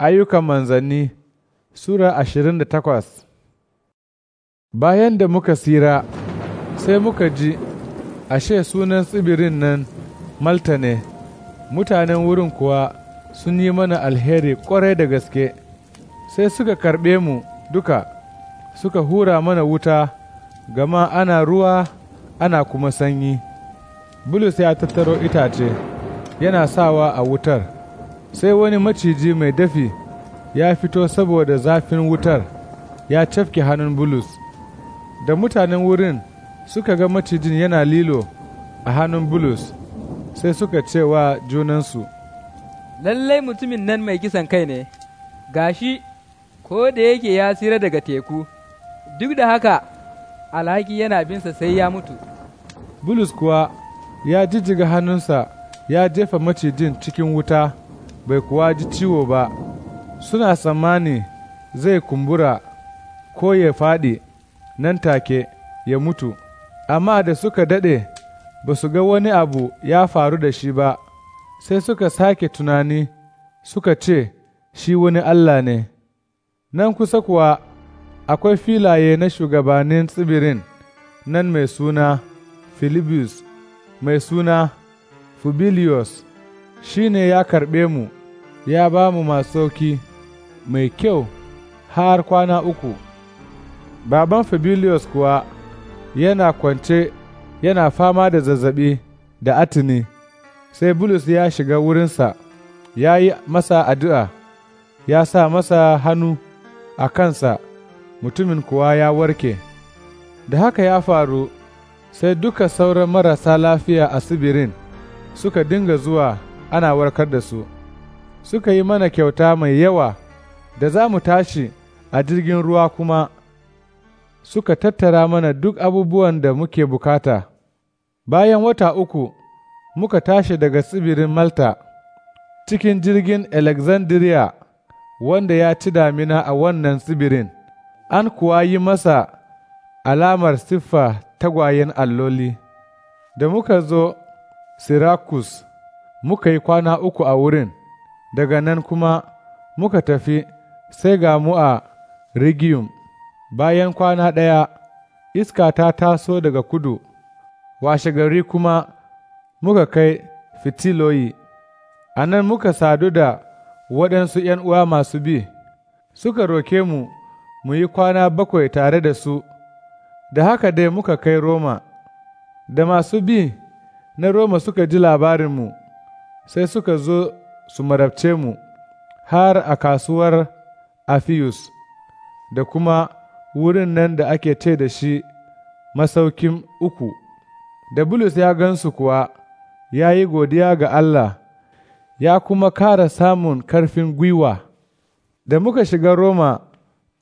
Ayyukan manzanni Sura ashirin da takwas Bayan da muka sira, sai muka ji, ashe sunan tsibirin nan Malta ne, mutanen wurin kuwa sun yi mana alheri kwarai da gaske, sai suka karɓe mu duka, suka hura mana wuta, gama ana ruwa ana kuma sanyi. Bulus ya tattaro itace, yana sawa a wutar. sai wani maciji mai dafi ya fito saboda zafin wutar ya cafke hannun bulus da mutanen wurin suka ga macijin yana lilo a hannun bulus sai suka ce wa junansu lallai mutumin nan mai kisan kai ne gashi ko da yake ya tsira daga teku duk da haka alhaki yana binsa sai ya mutu bulus kuwa ya jijjiga hannunsa ya jefa macijin cikin wuta bai kuwa ji ciwo ba, suna tsammani zai kumbura ko ya faɗi nan take ya mutu, amma da suka daɗe ba su ga wani abu ya faru da shi ba, sai suka sake tunani suka ce shi wani Allah ne. Nan kusa kuwa akwai filaye na shugabannin tsibirin nan mai suna Philippus, mai suna Fubilius. shi ne ya karɓe mu, ya ba mu masu mai kyau har kwana uku. Baban Fabilius kuwa yana kwance yana fama da zazzabi da atini, sai Bulus ya shiga wurinsa, ya yi masa addu'a, ya sa masa hannu a kansa, mutumin kuwa ya warke. Da haka ya faru, sai duka sauran marasa lafiya a Sibirin suka dinga zuwa ana warkar da su, suka yi mana kyauta mai yawa da za mu tashi a jirgin ruwa kuma suka tattara mana duk abubuwan da muke bukata. Bayan wata uku muka tashi daga tsibirin Malta cikin jirgin Alexandria wanda ya ci damina a wannan tsibirin, an kuwa yi masa alamar siffa tagwayen alloli. Da muka zo Syracuse muka yi kwana uku a wurin, daga nan kuma muka tafi sai ga mu a Rigiyum. Bayan kwana ɗaya, iska ta taso daga kudu, washe gari kuma muka kai fitiloyi, a nan muka sadu da waɗansu ’yan uwa masu bi, suka roke mu mu yi kwana bakwai tare da su, da haka dai muka kai Roma, da masu bi na Roma suka ji labarinmu. sai suka zo su marabce mu har a kasuwar Afiyus da kuma wurin nan da ake ce da shi masaukin uku, da Bulus ya gansu kuwa ya yi godiya ga Allah, ya kuma kara samun karfin gwiwa. Da muka shiga Roma,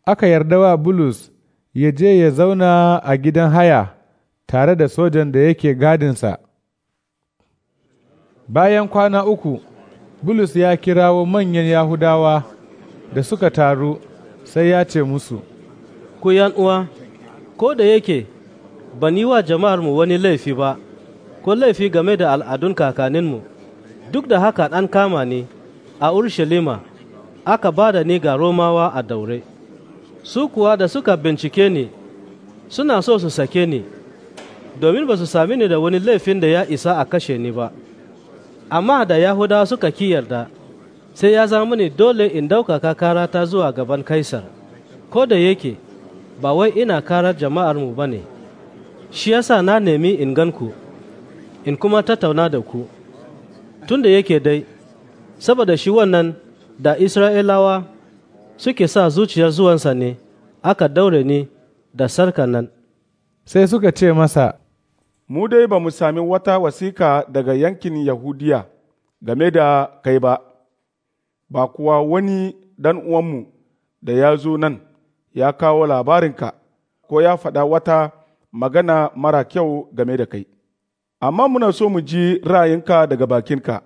aka yarda wa Bulus ya je ya zauna a gidan haya tare da sojan da yake gadinsa. Bayan kwana uku, Bulus ya kirawo manyan Yahudawa da suka taru sai ya ce musu, Ku uwa, ko da yake ban yi wa jama'armu wani laifi ba, ko laifi game da al'adun kakaninmu, duk da haka an kama ne a Urshalima aka ba da ni ga Romawa a daure. Su kuwa da suka bincike ni suna so su sake ni, domin ba su sami ni da wani laifin da ya isa a kashe ni ba. amma da yahudawa suka yarda sai ya zama ne dole in ɗaukaka karata zuwa gaban kaisar ko da yake ba wai ina karar jama'armu ba ne shi yasa na nemi in gan ku in kuma tattauna da ku tun da yake dai saboda shi wannan da isra'ilawa suke sa zuciyar zuwansa ne aka daure ni da sarkan nan sai suka ce masa mu dai ba mu sami wata wasika daga yankin Yahudiya game da kai ba, ba kuwa wani dan uwanmu da ya zo nan ya kawo labarinka ko ya faɗa wata magana mara kyau game da kai. Amma muna so mu ji ra'ayinka daga bakinka,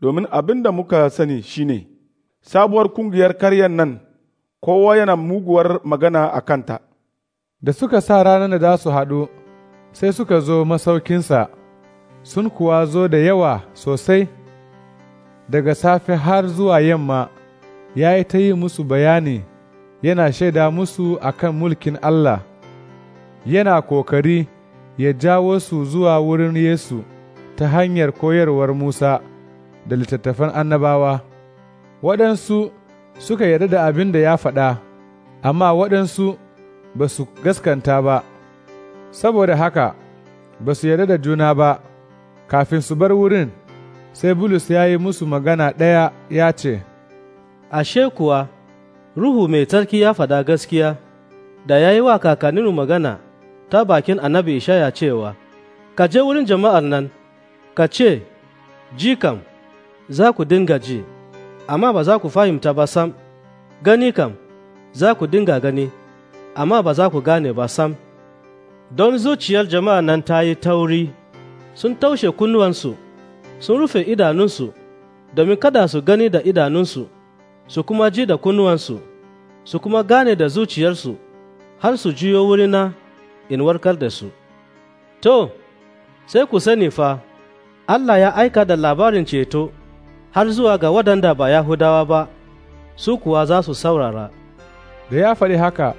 domin abin da muka sani shine sabuwar kungiyar karyan nan kowa yana muguwar magana a kanta. Da suka sa ranar da za su haɗu. sai suka zo masaukinsa, sun kuwa zo da yawa sosai, daga safe har zuwa yamma ya yi ta yi musu bayani, yana shaida musu a kan mulkin Allah, yana kokari ya jawo su zuwa wurin Yesu ta hanyar koyarwar Musa da littattafan annabawa. Waɗansu suka yarda da abin da ya faɗa, amma waɗansu ba su gaskanta ba. saboda haka ba su yarda da juna ba, kafin su bar wurin, sai Bulus ya yi musu magana ɗaya ya ce, Ashe kuwa, Ruhu mai tsarki ya faɗa gaskiya, da ya yi wa kakanninu magana ta bakin annabi Ishaya cewa, Ka je wurin jama'ar nan, ka ce, Ji kam, za ku dinga ji, amma ba za ku fahimta ba sam, gani kam, za ku dinga gani, amma ba za ku gane ba sam. don zuciyar jama'a nan ta yi tauri sun taushe kunnuwansu sun rufe idanunsu domin kada su gani da idanunsu su kuma ji da kunnuwansu su kuma gane da zuciyarsu har su jiyo wurina in warkar da su to sai ku sani fa Allah ya aika da labarin ceto har zuwa ga waɗanda ba Yahudawa ba, su kuwa za su saurara. Da ya faɗi haka,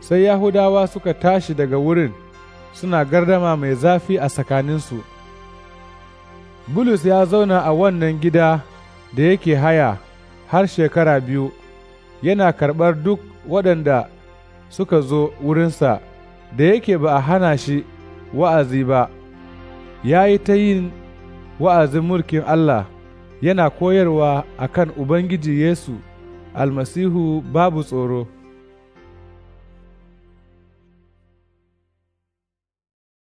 sai Yahudawa suka tashi daga wurin suna gardama mai zafi a tsakaninsu. Bulus ya zauna a wannan gida da yake haya har shekara biyu, yana karɓar duk waɗanda suka zo wurinsa da yake ba a hana shi wa'azi ba, ya yi ta yin wa'azin mulkin Allah yana koyarwa a kan Ubangiji Yesu almasihu babu tsoro.